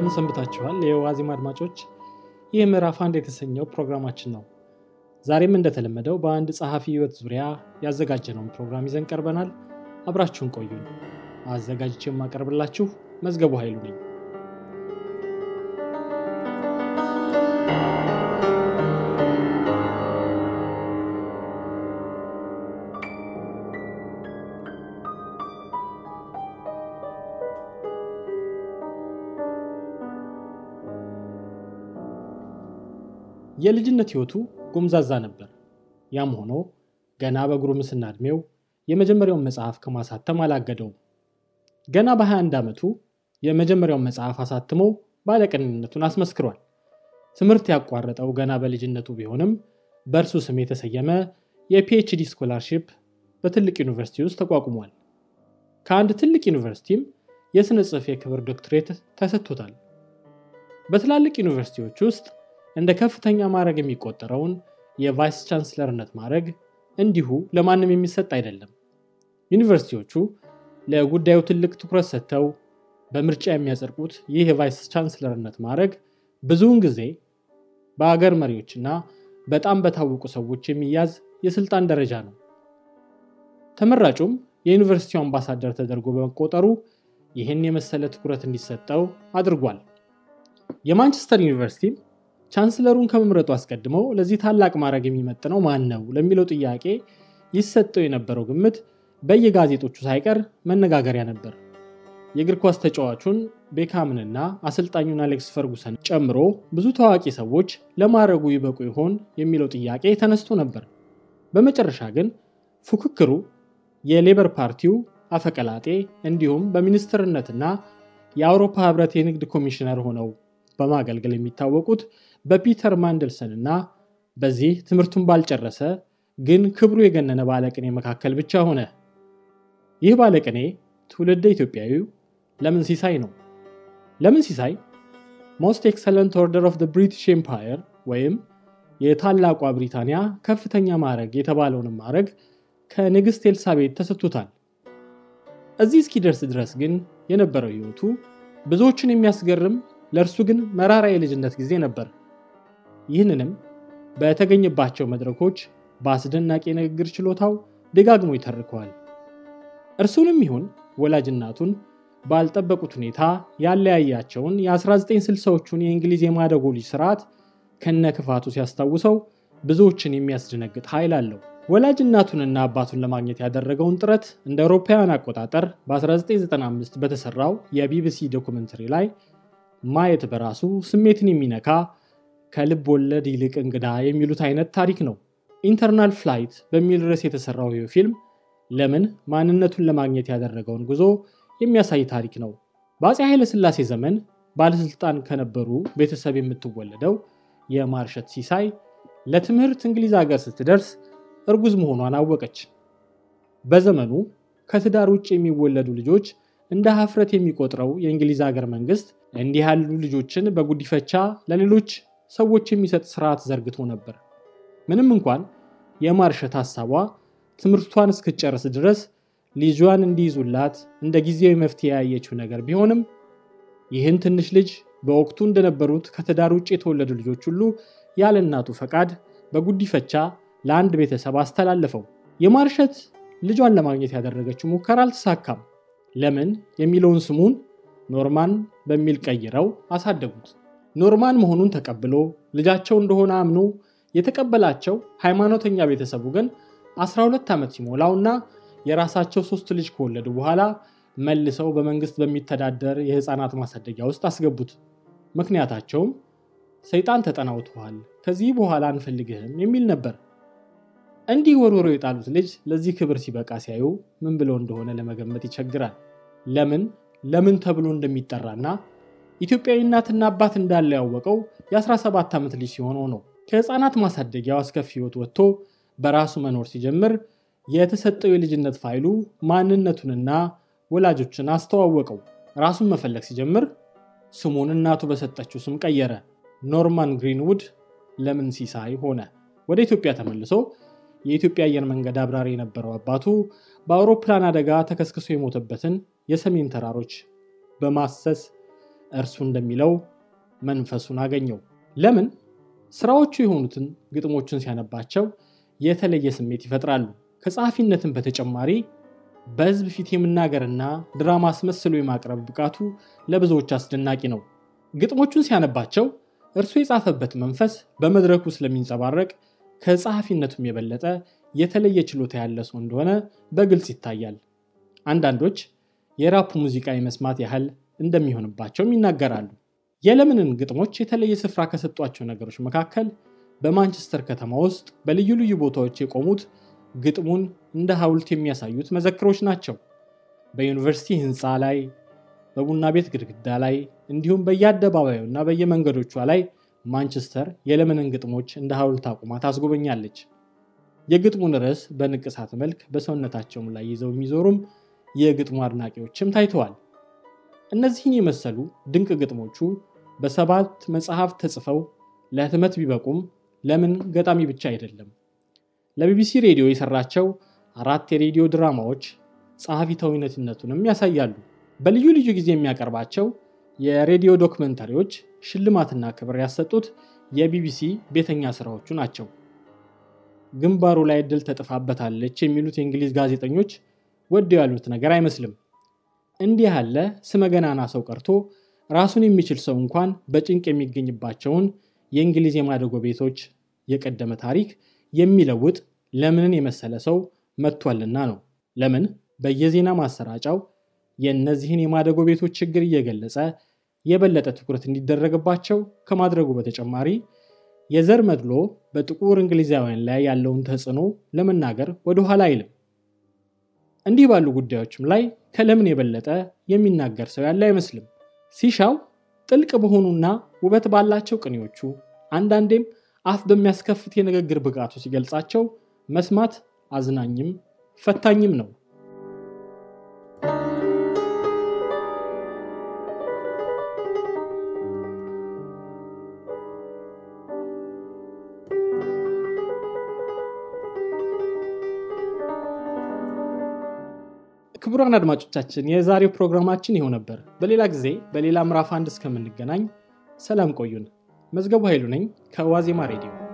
እንደምን ሰንብታችኋል የዋዜማ አድማጮች ይህ ምዕራፍ አንድ የተሰኘው ፕሮግራማችን ነው ዛሬም እንደተለመደው በአንድ ጸሐፊ ህይወት ዙሪያ ያዘጋጀነውን ፕሮግራም ይዘን ቀርበናል አብራችሁን ቆዩን አዘጋጅቼ የማቀርብላችሁ መዝገቡ ኃይሉ ነኝ የልጅነት ሕይወቱ ጎምዛዛ ነበር። ያም ሆኖ ገና በጉርምስና ዕድሜው የመጀመሪያውን መጽሐፍ ከማሳተም አላገደውም። ገና በ21 ዓመቱ የመጀመሪያውን መጽሐፍ አሳትሞ ባለቀንነቱን አስመስክሯል። ትምህርት ያቋረጠው ገና በልጅነቱ ቢሆንም በእርሱ ስም የተሰየመ የፒኤችዲ ስኮላርሺፕ በትልቅ ዩኒቨርሲቲ ውስጥ ተቋቁሟል። ከአንድ ትልቅ ዩኒቨርሲቲም የሥነ ጽሑፍ የክብር ዶክትሬት ተሰጥቶታል። በትላልቅ ዩኒቨርሲቲዎች ውስጥ እንደ ከፍተኛ ማዕረግ የሚቆጠረውን የቫይስ ቻንስለርነት ማዕረግ እንዲሁ ለማንም የሚሰጥ አይደለም። ዩኒቨርሲቲዎቹ ለጉዳዩ ትልቅ ትኩረት ሰጥተው በምርጫ የሚያጸድቁት ይህ የቫይስ ቻንስለርነት ማዕረግ ብዙውን ጊዜ በአገር መሪዎችና በጣም በታወቁ ሰዎች የሚያዝ የስልጣን ደረጃ ነው። ተመራጩም የዩኒቨርሲቲው አምባሳደር ተደርጎ በመቆጠሩ ይህን የመሰለ ትኩረት እንዲሰጠው አድርጓል። የማንቸስተር ዩኒቨርሲቲም ቻንስለሩን ከመምረጡ አስቀድሞ ለዚህ ታላቅ የሚመጥ የሚመጥነው ማን ነው ለሚለው ጥያቄ ይሰጠው የነበረው ግምት በየጋዜጦቹ ሳይቀር መነጋገሪያ ነበር። የእግር ኳስ ተጫዋቹን ቤካምንና አሰልጣኙን አሌክስ ፈርጉሰን ጨምሮ ብዙ ታዋቂ ሰዎች ለማድረጉ ይበቁ ይሆን የሚለው ጥያቄ ተነስቶ ነበር። በመጨረሻ ግን ፉክክሩ የሌበር ፓርቲው አፈቀላጤ እንዲሁም በሚኒስትርነትና የአውሮፓ ህብረት የንግድ ኮሚሽነር ሆነው በማገልገል የሚታወቁት በፒተር ማንደልሰን እና በዚህ ትምህርቱን ባልጨረሰ ግን ክብሩ የገነነ ባለቅኔ መካከል ብቻ ሆነ። ይህ ባለቅኔ ትውልደ ኢትዮጵያዊው ለምን ሲሳይ ነው። ለምን ሲሳይ ሞስት ኤክሰለንት ኦርደር ኦፍ ብሪቲሽ ኤምፓየር ወይም የታላቋ ብሪታንያ ከፍተኛ ማዕረግ የተባለውንም ማዕረግ ከንግሥት ኤልሳቤት ተሰጥቶታል። እዚህ እስኪደርስ ድረስ ግን የነበረው ህይወቱ ብዙዎችን የሚያስገርም ለእርሱ ግን መራራ የልጅነት ጊዜ ነበር። ይህንንም በተገኘባቸው መድረኮች በአስደናቂ የንግግር ችሎታው ደጋግሞ ይተርከዋል። እርሱንም ይሁን ወላጅናቱን ባልጠበቁት ሁኔታ ያለያያቸውን የ1960ዎቹን የእንግሊዝ የማደጎ ልጅ ስርዓት ከነ ክፋቱ ሲያስታውሰው ብዙዎችን የሚያስደነግጥ ኃይል አለው። ወላጅናቱንና አባቱን ለማግኘት ያደረገውን ጥረት እንደ አውሮፓውያን አቆጣጠር በ1995 በተሰራው የቢቢሲ ዶኩመንተሪ ላይ ማየት በራሱ ስሜትን የሚነካ ከልብ ወለድ ይልቅ እንግዳ የሚሉት አይነት ታሪክ ነው። ኢንተርናል ፍላይት በሚል ርዕስ የተሰራው ይህ ፊልም ለምን ማንነቱን ለማግኘት ያደረገውን ጉዞ የሚያሳይ ታሪክ ነው። በአፄ ኃይለሥላሴ ዘመን ባለስልጣን ከነበሩ ቤተሰብ የምትወለደው የማርሸት ሲሳይ ለትምህርት እንግሊዝ ሀገር ስትደርስ እርጉዝ መሆኗን አወቀች። በዘመኑ ከትዳር ውጭ የሚወለዱ ልጆች እንደ ሀፍረት የሚቆጥረው የእንግሊዝ ሀገር መንግስት እንዲህ ያሉ ልጆችን በጉዲፈቻ ለሌሎች ሰዎች የሚሰጥ ስርዓት ዘርግቶ ነበር። ምንም እንኳን የማርሸት ሀሳቧ ትምህርቷን እስክጨርስ ድረስ ልጇን እንዲይዙላት እንደ ጊዜያዊ መፍትሄ ያየችው ነገር ቢሆንም ይህን ትንሽ ልጅ በወቅቱ እንደነበሩት ከትዳር ውጭ የተወለዱ ልጆች ሁሉ ያለ እናቱ ፈቃድ በጉዲፈቻ ለአንድ ቤተሰብ አስተላለፈው። የማርሸት ልጇን ለማግኘት ያደረገችው ሙከራ አልተሳካም። ለምን የሚለውን ስሙን ኖርማን በሚል ቀይረው አሳደጉት። ኖርማን መሆኑን ተቀብሎ ልጃቸው እንደሆነ አምኖ የተቀበላቸው ሃይማኖተኛ ቤተሰቡ ግን 12 ዓመት ሲሞላው እና የራሳቸው ሶስት ልጅ ከወለዱ በኋላ መልሰው በመንግስት በሚተዳደር የህፃናት ማሳደጊያ ውስጥ አስገቡት። ምክንያታቸውም ሰይጣን ተጠናውተዋል፣ ከዚህ በኋላ አንፈልግህም የሚል ነበር። እንዲህ ወርወሮ የጣሉት ልጅ ለዚህ ክብር ሲበቃ ሲያዩ ምን ብለው እንደሆነ ለመገመት ይቸግራል። ለምን ለምን ተብሎ እንደሚጠራና ኢትዮጵያዊ እናትና አባት እንዳለ ያወቀው የ17 ዓመት ልጅ ሲሆነው ነው። ከህፃናት ማሳደጊያው አስከፊ ህይወት ወጥቶ በራሱ መኖር ሲጀምር የተሰጠው የልጅነት ፋይሉ ማንነቱንና ወላጆችን አስተዋወቀው። ራሱን መፈለግ ሲጀምር ስሙን እናቱ በሰጠችው ስም ቀየረ። ኖርማን ግሪንውድ ለምን ሲሳይ ሆነ። ወደ ኢትዮጵያ ተመልሶ የኢትዮጵያ አየር መንገድ አብራሪ የነበረው አባቱ በአውሮፕላን አደጋ ተከስክሶ የሞተበትን የሰሜን ተራሮች በማሰስ እርሱ እንደሚለው መንፈሱን አገኘው። ለምን? ስራዎቹ የሆኑትን ግጥሞቹን ሲያነባቸው የተለየ ስሜት ይፈጥራሉ። ከጸሐፊነትን በተጨማሪ በህዝብ ፊት የመናገርና ድራማ አስመስሎ የማቅረብ ብቃቱ ለብዙዎች አስደናቂ ነው። ግጥሞቹን ሲያነባቸው እርሱ የጻፈበት መንፈስ በመድረኩ ስለሚንጸባረቅ ከጸሐፊነቱም የበለጠ የተለየ ችሎታ ያለ ሰው እንደሆነ በግልጽ ይታያል። አንዳንዶች የራፕ ሙዚቃ የመስማት ያህል እንደሚሆንባቸውም ይናገራሉ። የለምንን ግጥሞች የተለየ ስፍራ ከሰጧቸው ነገሮች መካከል በማንቸስተር ከተማ ውስጥ በልዩ ልዩ ቦታዎች የቆሙት ግጥሙን እንደ ሐውልት የሚያሳዩት መዘክሮች ናቸው። በዩኒቨርሲቲ ህንፃ ላይ፣ በቡና ቤት ግድግዳ ላይ እንዲሁም በየአደባባዩና በየመንገዶቿ ላይ ማንቸስተር የለመንን ግጥሞች እንደ ሐውልት አቁማ ታስጎበኛለች። የግጥሙን ርዕስ በንቅሳት መልክ በሰውነታቸውም ላይ ይዘው የሚዞሩም የግጥሙ አድናቂዎችም ታይተዋል። እነዚህን የመሰሉ ድንቅ ግጥሞቹ በሰባት መጽሐፍ ተጽፈው ለህትመት ቢበቁም ለምን ገጣሚ ብቻ አይደለም። ለቢቢሲ ሬዲዮ የሰራቸው አራት የሬዲዮ ድራማዎች ጸሐፊ ያሳያሉ። በልዩ ልዩ ጊዜ የሚያቀርባቸው የሬዲዮ ዶክመንታሪዎች ሽልማትና ክብር ያሰጡት የቢቢሲ ቤተኛ ስራዎቹ ናቸው። ግንባሩ ላይ ድል ተጥፋበታለች የሚሉት የእንግሊዝ ጋዜጠኞች ወደው ያሉት ነገር አይመስልም። እንዲህ ያለ ስመገናና ሰው ቀርቶ ራሱን የሚችል ሰው እንኳን በጭንቅ የሚገኝባቸውን የእንግሊዝ የማደጎ ቤቶች የቀደመ ታሪክ የሚለውጥ ለምንን የመሰለ ሰው መጥቷልና ነው። ለምን በየዜና ማሰራጫው የእነዚህን የማደጎ ቤቶች ችግር እየገለጸ የበለጠ ትኩረት እንዲደረግባቸው ከማድረጉ በተጨማሪ የዘር መድሎ በጥቁር እንግሊዛውያን ላይ ያለውን ተጽዕኖ ለመናገር ወደኋላ አይልም። እንዲህ ባሉ ጉዳዮችም ላይ ከለምን የበለጠ የሚናገር ሰው ያለ አይመስልም። ሲሻው ጥልቅ በሆኑና ውበት ባላቸው ቅኔዎቹ አንዳንዴም አፍ በሚያስከፍት የንግግር ብቃቱ ሲገልጻቸው መስማት አዝናኝም ፈታኝም ነው። ክቡራን አድማጮቻችን የዛሬው ፕሮግራማችን ይኸው ነበር። በሌላ ጊዜ በሌላ ምራፍ አንድ እስከምንገናኝ ሰላም ቆዩን። መዝገቡ ኃይሉ ነኝ ከዋዜማ ሬዲዮ